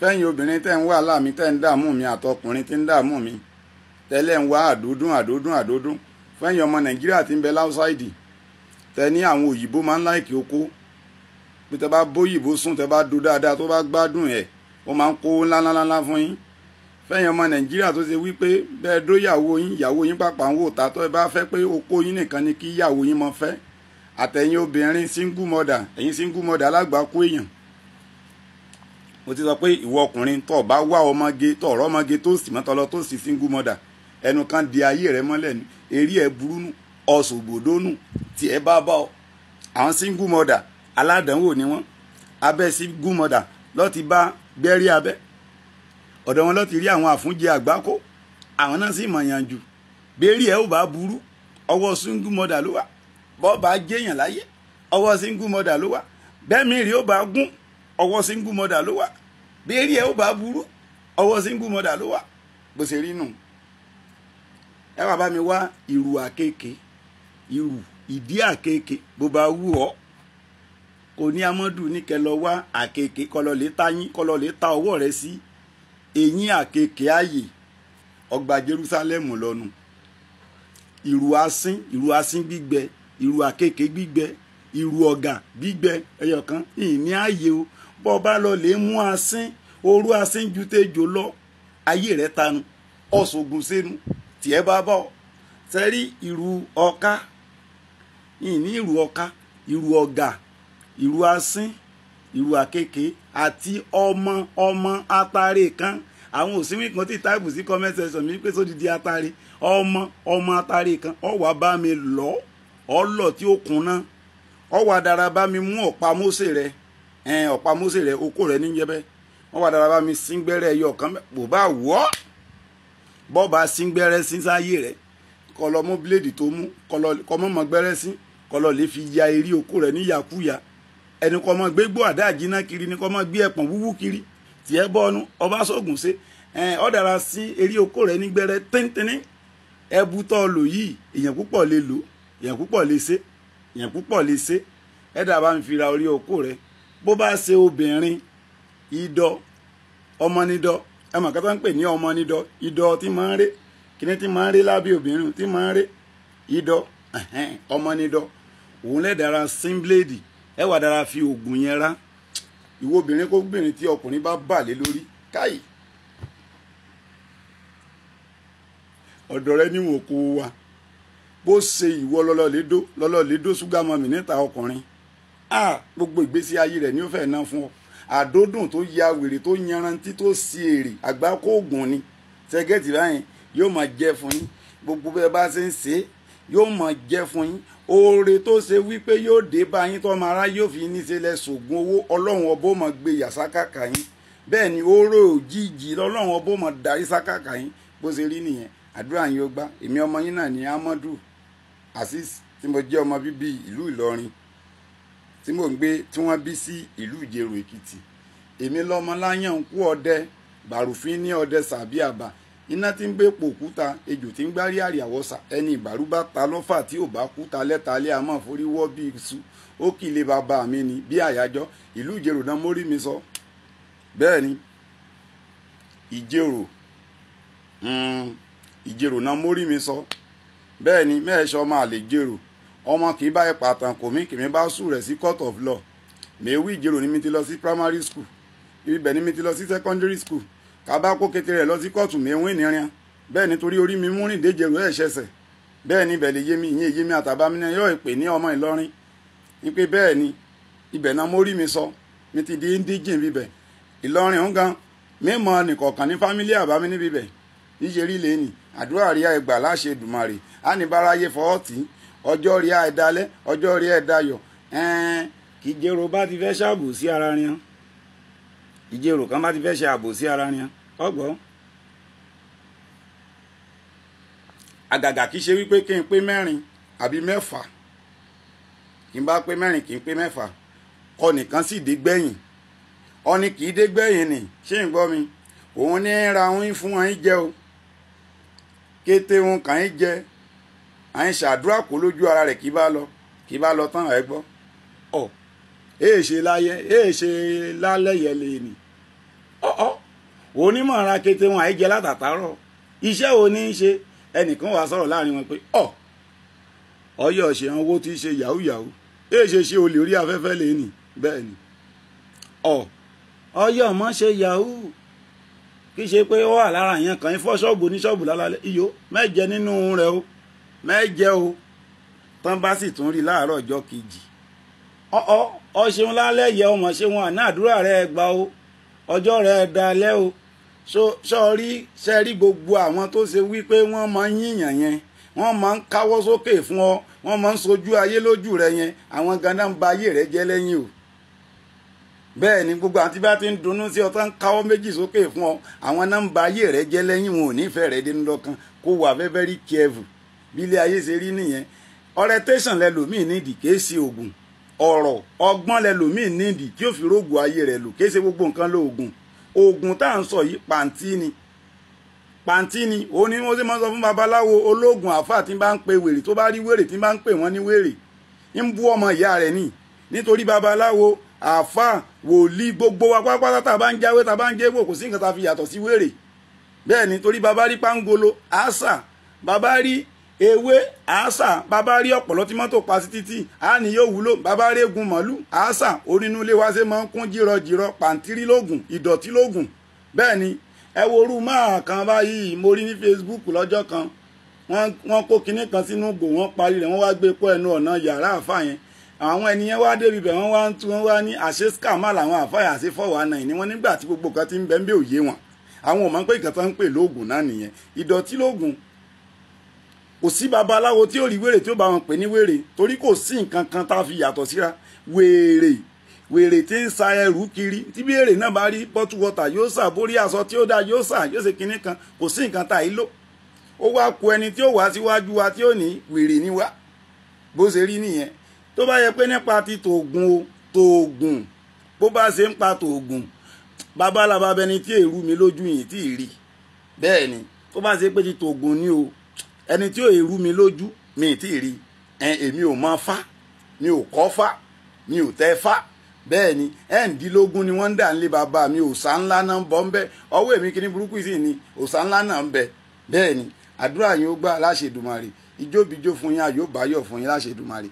fẹ́yìn obìnrin tẹ́ ń wá láàmì tẹ́ ń dààmú mi àtọkùnrin tí ń dààmú mi tẹ́lẹ̀ ń wá àdódún àdódún àdódún fẹ́yìn ọmọ nàìjíríà ti ń bẹ láwùsáìdì tẹ ní àwọn òyìnbó máa ń láìkì oko pé tẹ bá bóyìnbó sùn tẹ bá do dáadáa tó bá gbádùn ẹ̀ ó máa ń kó ńláńláńlá fún yín fẹ́yìn ọmọ nàìjíríà tó ṣe wípé bẹ́ẹ̀ dó yàwó yín yàwó yín pàpà ń wò ta tó ẹ bá fẹ́ pé oko yín nìkan ni kí yàwó yín mọ fẹ́ àtẹ̀yìn obìnrin single mother ẹ̀yin single mother alágbàákú èèyàn mo ti sọ pé ìwọ ọkùnrin tó bá wá ọmọge tó ọ̀rọ̀ ọmọge tó sì mọ́tọ́lọ tó sì single mother ẹnu kan di ayé rẹ mọ́lẹ̀ ni eré ẹ burú nù ọ̀ṣọ̀gbòdó nù tí ẹ bá bá ọ àwọn single mother aládàánwò ni wọ́n abẹ́ single mother lọ́ti bá gbẹ́rí abẹ́ ọ̀dọ̀ wọn lọ́ti rí àwọn àfúnjẹ àgbákò àwọn náà sì mọ̀yànjú bẹ́ẹ̀rí ẹ ò bá burú ọwọ́ single mother ló wà bọ́ọ̀ bá jẹ́yàn láyé ọwọ́ single mother ló wà bẹ́ẹ̀ mi rí ó bá gún ọwọ́ single mother ló wà bí eré ẹ ó bá burú ọwọ́ single mother ló wà bó ṣe rí nù ẹ wá bá mi wá ìrù àkekèé ìrù ìdí àkekèé bó bá wù ọ́ kò ní amọ́dù ní kẹ lọ wá àkekèé kọlọ lè ta yín kọlọ lè ta ọwọ́ rẹ sí eyín àkekèé ààyè ọgbà Jerúsálẹ́mù lọ́nu ìrù asín ìrù asín gbígbẹ ìrù àkekèé gbígbẹ ìrù ọ̀gà gbígbẹ ẹyọkan ìní ààyè o bọ́ ọ bá lọ lè mú asín orú asín ju tejò lọ ayé rẹ tanu ọ̀ṣọ́gun sẹ́nu tiẹ̀ bá bọ̀ sẹ́rí ìrù ọ̀ka ìní ìrù ọ̀ka ìrù ọ̀gà ìrù asín ìrù àkekè àti ọmọ ọmọ atare kan àwọn òsínwìn kan tí táìpù sí comment section mi pé sódi di atare ọmọ ọmọ atare kan ọwà bá mi lọ ọlọ tí ó kùnà ọwọ́ adara bá mi mú eh Mósè rẹ ọ̀pá Mósè rẹ okó rẹ níjẹ́bẹ́ ọwọ́ adara bá mi síngbẹ́rẹ́ ẹyọ kan kò bá wọ́ bọ́ọ̀bà síngbẹ́rẹ́ sísáyé rẹ kọlọ mú bíléèdì tó mú kọmọ mọ gbẹ́rẹ́ sí kọlọ lè fi ya eré okó rẹ níyàkúyà ẹni kọmọ gbé gbó àdá àjínà kiri ni kọmọ gbé ẹ̀pọ̀n wúwú kiri tiẹ̀ bọ́ọ̀nù ọba sọ́gun ṣe ọ̀dàrà sí eré okó rẹ nígbẹ́rẹ́ tíntínní ẹbu tọ́ lò yìí èèyàn púpọ̀ lè lò èèyàn púpọ̀ lè ṣe èèyàn púpọ̀ lè ṣe ẹ̀dá bá ń ori orí òkú rẹ bó bá ṣe obìnrin idọ ọmọ nídọ ẹ mọ̀ kátó ń pè ní ọmọ nídọ idọ tí máa ń ré kíní tí máa ń ré lábẹ́ obìnrin tí máa ń ré idọ ọmọ nídọ òun lẹ́dàra sínbléèdì ẹ wà dára fi oògùn yẹn ra ìwọ obìnrin kó gbìnrin tí ọkùnrin bá bà lé lórí káyì ọ̀dọ̀ rẹ bo se wa bó ṣe ìwọ lọ́lọ́lédó lọ́lọ́lédó ṣúgà mọ́mì níta ọkùnrin gbogbo ìgbésí ayé rẹ̀ ni ó fẹ́ ná fún ọ àdódùn tó ya wèrè tó yanrantí tó si èrè àgbákò ògùn ni sẹgẹtì báyìí yóò máa jẹ fún yín gbogbo bẹ́ẹ̀ bá ṣe ń ṣe é yóò máa jẹ fún yín oore tó ṣe wípé yóò dé bá yín tọmọ ara yóò fi níṣe lẹ sògùn owó ọlọ́run ọbọ máa gbé yà sákàkà yín bẹ́ẹ̀ ni oore òjijì lọ́lọ́run ọbọ máa darí sákàkà yín bó ṣe rí nìyẹn àdúrà yín ó gbà èmi ọmọ yín náà ní amadu azeez tí mo jẹ́ ọmọ bíbí ìlú ìlọrin tí mò ń gbé tí wọ́n bí sí ìlú ìjẹrò èkìtì èmi lọ́mọ láyàn ń kú ọdẹ bàrùfín ní ọdẹ sàbí àbà iná tí ń gbé pò òkúta ejò tí ń gbárí àríyàwọ́sà ẹni ìbárúbá ta lọ́fà tí ò bá kúta lẹ́talẹ́ àmọ́ foríwọ́ bí iṣu ó kì í lè bàbá mi ni bí àyájọ́ ìlú ìjẹrò náà mórí mi sọ bẹ́ẹ̀ ni ìjẹrò hmm, ìjẹrò náà mórí mi sọ bẹ́ẹ̀ ni mẹ́ẹ̀ṣọ́ máa lè jèrò ọmọ kì í bá ẹ pàtàn kò mí kì mí bá sùn rẹ̀ sí court of law mèwí ìjẹ́rò ni mi ti lọ sí primary school ibẹ̀ ni mi ti lọ sí secondary school kábàkó kékeré lọ sí kóòtù mẹ́wọ́n ìnìyàn bẹ́ẹ̀ nítorí orí mi múrìn déjèrò ẹ̀ ṣẹ̀ṣẹ̀ bẹ́ẹ̀ ni ibẹ̀ lè yé mi ìyẹn yé mi àtàbámínà yóò pè ní ọmọ Ìlọrin wípé bẹ́ẹ̀ ni ibẹ̀ náà mórí mi sọ mi ti di indigene bíbẹ̀ Ìlọrin ń gan mímọ nìkọ̀ọ̀kan ní fámílì àbámi níbibẹ̀ níṣẹ́ rí lẹ́ni àdúrà rí ẹgbà láṣẹ Èdùmàrè ánìbáráyé fọ́ọ̀tì ọjọ́ rí àìdálẹ́ ọjọ́ rí ẹ̀dayọ̀ ẹ̀ẹ́n kì í jèrò bá ti fẹ́ ṣàbò sí ara rìn ìjèrò kan bá ti fẹ́ ṣe àbò sí ara rìn ọgbọ́n àgàgà kì í ṣe wípé kí n pé mẹ́rin àbí mẹ́fà kì í bá pé mẹ́rin kì í pé mẹ́fà kọ nìkan sì dé gbẹ̀yìn ọni kì í dé gbẹ̀yìn ni ṣé ń gbọ́ mi òun ní ra òun fún wọn jẹ o kété òun kàn ń jẹ à ń ṣàdúrà kó lójú ara rẹ̀ kí bá lọ kí bá lọ tán ẹ gbọ́ ọ èè ṣe láyé èè ṣe lálẹ́yẹ lè nì ọ̀ọ́ onímọ̀ ara kété wọn àìjẹ látàtàrọ̀ iṣẹ́ wo ní í ṣe ẹnìkan wàá sọ̀rọ̀ láàrin wọn pé ọ̀ ọyọ́ ṣe owó tí í ṣe yahoo yahoo èè ṣe ṣe olè orí afẹ́fẹ́ lè nì bẹ́ẹ̀ ni ọ̀ ọyọ́ mọ́ ṣe yahoo kì í ṣe pé ó wà lára yẹn kàn ń fọ́ ṣọ́ọ̀bù ní ṣọ́ọ̀bù lálálẹ́ iyó mẹ́jẹ nínú rẹ̀ o mẹ́jẹ o tán bá sì tún rí láàárọ̀ ọjọ́ kejì ọ̀ọ́ ọ ṣeun lálẹ́ yẹ ọmọ ṣeun àná àdúrà rẹ gbà o ọjọ́ rẹ dalẹ́ o sọ́ọ́rí sẹ́rí gbogbo àwọn tó ṣe wípé wọ́n máa ń yíyàn yẹn wọ́n máa ń káwọ́ sókè fún ọ wọ́n máa ń sojú ayé lójú rẹ yẹn àwọn ganan ń ba ayé rẹ jẹ́ lẹ́yìn o bẹ́ẹ̀ ni gbogbo àti bá ti ń dunnú sí ọ tó ń káwọ́ méjì sókè fún ọ àwọn náà ń ba ayé rẹ jẹ́ lẹ́yìn wọn ò nífẹ̀ẹ́ rẹ dénú lọ́kàn kó wà very careful bí ilé ayé ṣe rí nìyẹn orientation lẹlòmíì nídìí kìí ṣe oògùn ọ̀rọ̀ ọgbọ́n lẹlòmíì nídìí tí ó fi rógùn ayé rẹ̀ lò kìí ṣe gbogbo nǹkan lo oògùn oògùn tá à ń sọ yìí pàǹtí ni pàǹtí ni òun ni wọ́n ṣe máa ń sọ fún babaláwo olóògùn àáfàá tí bá ń pe wèrè tó bá rí wèrè tí bá ń pè wọ́n ní wèrè ń bú ọmọ ìyá rẹ̀ ni nítorí babaláwo àáfàá wòlíì gbogbo wa pátápátá tá a bá ń jáwé tá a bá ń jẹ́wò kò sí nǹkan tá a fi yàtọ̀ sí wèrè bẹ́ẹ̀ ni torí baba pangolo àṣà baba ewé àásà bàbá rí ọ̀pọ̀lọ́ tí mọ́tò pa sí títì àní yóò wúlò bàbá rí egun màálù àásà orínú ilé wa ṣe máa ń kún jírọjírọ pàǹtírí lóògùn ìdọ̀tí lóògùn bẹ́ẹ̀ ni ẹ worú máa kan báyìí mo rí ní Facebook lọ́jọ́ kan wọ́n kó kinní kan sínú gò wọ́n parí rẹ̀ wọ́n wá gbé kọ́ ẹnu ọ̀nà yàrá àfà yẹn àwọn ènìyàn wá débi bẹ̀ wọ́n wá ń tú wọ́n wá ní àṣẹ skàmà làwọn àfáyà àṣẹ fọwọ́ àná ìní wọn nígbà tí gbogbo kan ti ń bẹ́ ń bẹ́ òye wọn àwọn ò mọ̀ pé ìkàtà ń pè lóògùn náà nìyẹn ìdọ̀tí lóògùn kò sí babaláwo tí ó rí wèrè tí ó bá wọn pè ní wèrè torí kò sí nǹkan kan tá a fi yàtọ̀ síra wèrè wèrè tí ń sa ẹrù kiri tí bí èrè náà bá rí bottle water yóò sà bórí aṣọ tí ó dá yóò sà yóò ṣe kinní kan kò sí nǹkan tá a yí lò ó wá ku ẹni tí ó wá síwájú wa tí ó ní wèrè ni wá bó ṣe rí nìyẹn tó bá yẹ pé nípa ti tòògùn o tòògùn bó bá ṣe ń pa tòògùn babalábàbẹni tí èrú mi lójú yìí tí ì rí bẹ́ẹ̀ ni tó bá ṣe pé ti tòògùn ni o ẹni tí ò èrú mi lójú mi ì tí ì rí ẹ èmi ò mọ fá mi ò kọ́ fá mi ò tẹ́ fá bẹ́ẹ̀ ni ẹ̀ǹdínlógún ni wọ́n ń dà nílé bàbá mi òòṣà ńlá náà ń bọ̀ ń bẹ́ ọwọ́ èmi kìíní burúkú sì ni òòṣà ńlá náà ń bẹ bẹ́ẹ̀ ni àdúrà yín ó gbà láṣẹ Èdùmàrè ìjóbìjó fún yín ayọ̀ báyọ̀ fún yín láṣẹ Èdùmàrè.